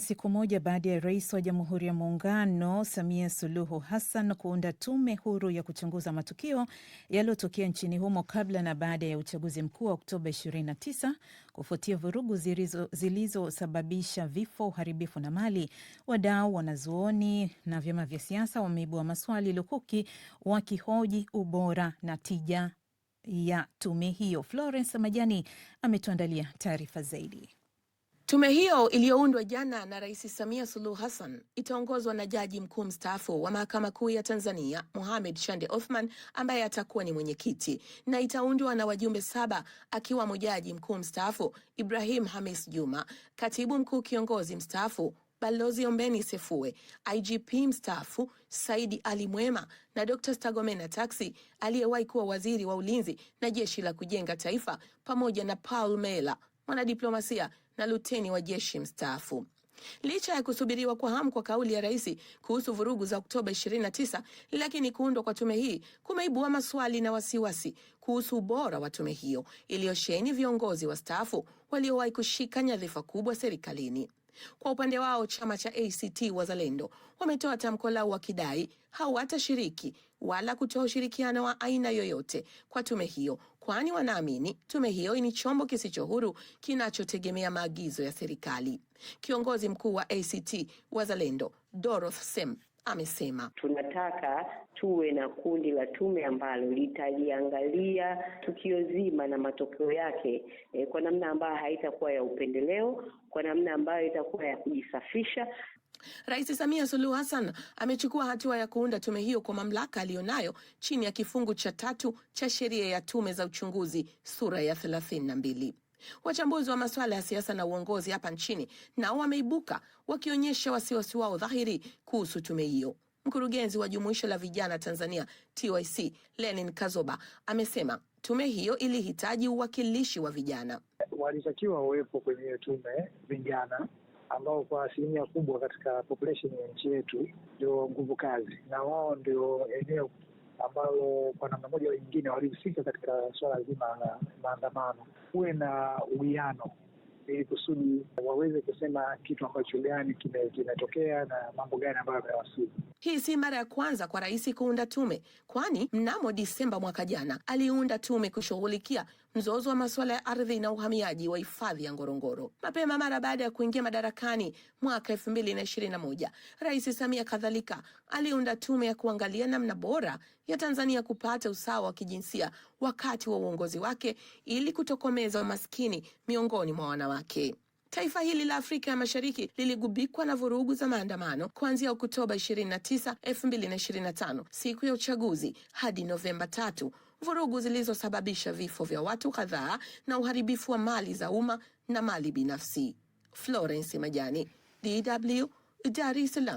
Siku moja baada ya rais wa Jamhuri ya Muungano Samia Suluhu Hassan kuunda tume huru ya kuchunguza matukio yaliyotokea nchini humo kabla na baada ya uchaguzi mkuu wa Oktoba 29 kufuatia vurugu zilizosababisha vifo, uharibifu na mali, wadau, wanazuoni na vyama vya siasa wameibua maswali lukuki wakihoji ubora na tija ya tume hiyo. Florence Majani ametuandalia taarifa zaidi. Tume hiyo iliyoundwa jana na Rais Samia Suluhu Hassan itaongozwa na jaji mkuu mstaafu wa Mahakama Kuu ya Tanzania Mohamed shande Othman ambaye atakuwa ni mwenyekiti na itaundwa na wajumbe saba akiwamo jaji mkuu mstaafu Ibrahim Hamis Juma, katibu mkuu kiongozi mstaafu Balozi Ombeni Sefue, IGP mstaafu Saidi Ali Mwema na Dr. stagomena taxi aliyewahi kuwa waziri wa ulinzi na jeshi la kujenga taifa pamoja na Paul Mela mwanadiplomasia na luteni wa jeshi mstaafu. Licha ya kusubiriwa kwa hamu kwa kauli ya rais kuhusu vurugu za Oktoba 29, lakini kuundwa kwa tume hii kumeibua maswali na wasiwasi kuhusu ubora wa tume hiyo iliyosheheni viongozi wastaafu waliowahi kushika nyadhifa kubwa serikalini. Kwa upande wao, chama cha ACT Wazalendo wametoa tamko lao wakidai hawatashiriki wala kutoa ushirikiano wa aina yoyote kwa tume hiyo, kwani wanaamini tume hiyo ni chombo kisicho huru kinachotegemea maagizo ya serikali. Kiongozi mkuu wa ACT Wazalendo Doroth Sem amesema tunataka tuwe na kundi la tume ambalo litaliangalia tukio zima na matokeo yake e, kwa namna ambayo haitakuwa ya upendeleo, kwa namna ambayo itakuwa ya kujisafisha. Rais Samia Suluhu Hassan amechukua hatua ya kuunda tume hiyo kwa mamlaka aliyonayo chini ya kifungu cha tatu cha sheria ya tume za uchunguzi sura ya 32. Wachambuzi wa masuala ya siasa na uongozi hapa nchini nao wameibuka wakionyesha wasiwasi wao dhahiri kuhusu tume hiyo. Mkurugenzi wa Jumuisho la Vijana Tanzania TYC Lenin Kazoba amesema tume hiyo ilihitaji uwakilishi wa vijana. Walitakiwa wawepo kwenye tume vijana ambao kwa asilimia kubwa katika population ya nchi yetu ndio nguvu kazi, na wao ndio eneo ambalo kwa namna moja au nyingine walihusika katika suala zima la maandamano. Kuwe na uwiano ili kusudi waweze kusema kitu ambacho gani kimetokea na mambo gani ambayo yamewasili. Hii si mara ya kwanza kwa rais kuunda tume, kwani mnamo Disemba mwaka jana aliunda tume kushughulikia mzozo wa masuala ya ardhi na uhamiaji wa hifadhi ya Ngorongoro. Mapema mara baada ya kuingia madarakani mwaka elfu mbili na ishirini na moja, Rais Samia kadhalika aliunda tume ya kuangalia namna bora ya Tanzania kupata usawa wa kijinsia wakati wa uongozi wake ili kutokomeza umaskini miongoni mwa wanawake wanawake. Taifa hili la Afrika ya Mashariki liligubikwa na vurugu za maandamano kuanzia Oktoba 29, 2025 siku ya uchaguzi hadi Novemba 3, vurugu zilizosababisha vifo vya watu kadhaa na uharibifu wa mali za umma na mali binafsi. Florence Majani, DW, Dar es Salaam.